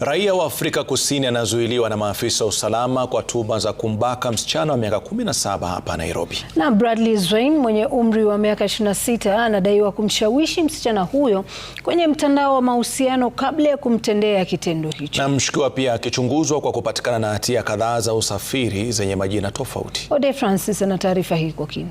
Raia wa Afrika Kusini anazuiliwa na maafisa wa usalama kwa tuhuma za kumbaka msichana wa miaka 17 hapa Nairobi. Na Bradley Zwain mwenye umri wa miaka 26 anadaiwa kumshawishi msichana huyo kwenye mtandao wa mahusiano kabla ya kumtendea kitendo hicho. Na mshukiwa pia akichunguzwa kwa kupatikana na hatia kadhaa za usafiri zenye majina tofauti. Ode Francis ana taarifa hii kwa kina.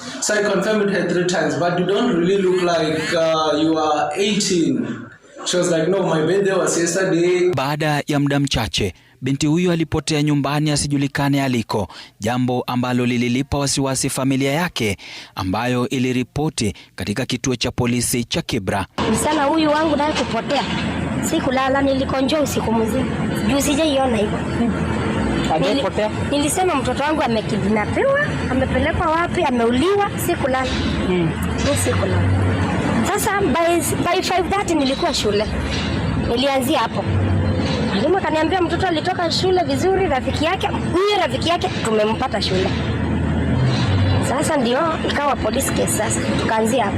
So I confirmed it her three times, but you don't really look like uh, you are 18. She was like, no, my birthday was yesterday. Baada ya muda mchache binti huyo alipotea nyumbani asijulikane aliko, jambo ambalo lililipa wasiwasi familia yake ambayo iliripoti katika kituo cha polisi cha Kibra. Msichana huyu wangu naye kupotea, sikulala, nilikonjoa usiku mzima, juu sijaiona hivyo Nilisema mtoto wangu amekidnapiwa, amepelekwa wapi, ameuliwa, sikulala hmm. siku sikulala. Sasa by, by 5:30 nilikuwa shule, nilianzia hapo. Mwalimu akaniambia mtoto alitoka shule vizuri, rafiki yake huyo, rafiki yake tumempata shule. Sasa ndio ikawa police case, sasa tukaanzia hapo.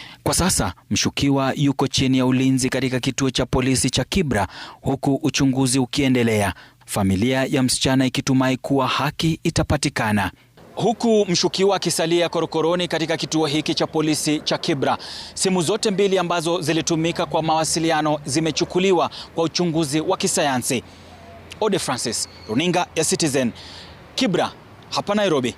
Kwa sasa mshukiwa yuko chini ya ulinzi katika kituo cha polisi cha Kibra huku uchunguzi ukiendelea, familia ya msichana ikitumai kuwa haki itapatikana. Huku mshukiwa akisalia korokoroni katika kituo hiki cha polisi cha Kibra, simu zote mbili ambazo zilitumika kwa mawasiliano zimechukuliwa kwa uchunguzi wa kisayansi. Ode Francis, runinga ya Citizen, Kibra hapa Nairobi.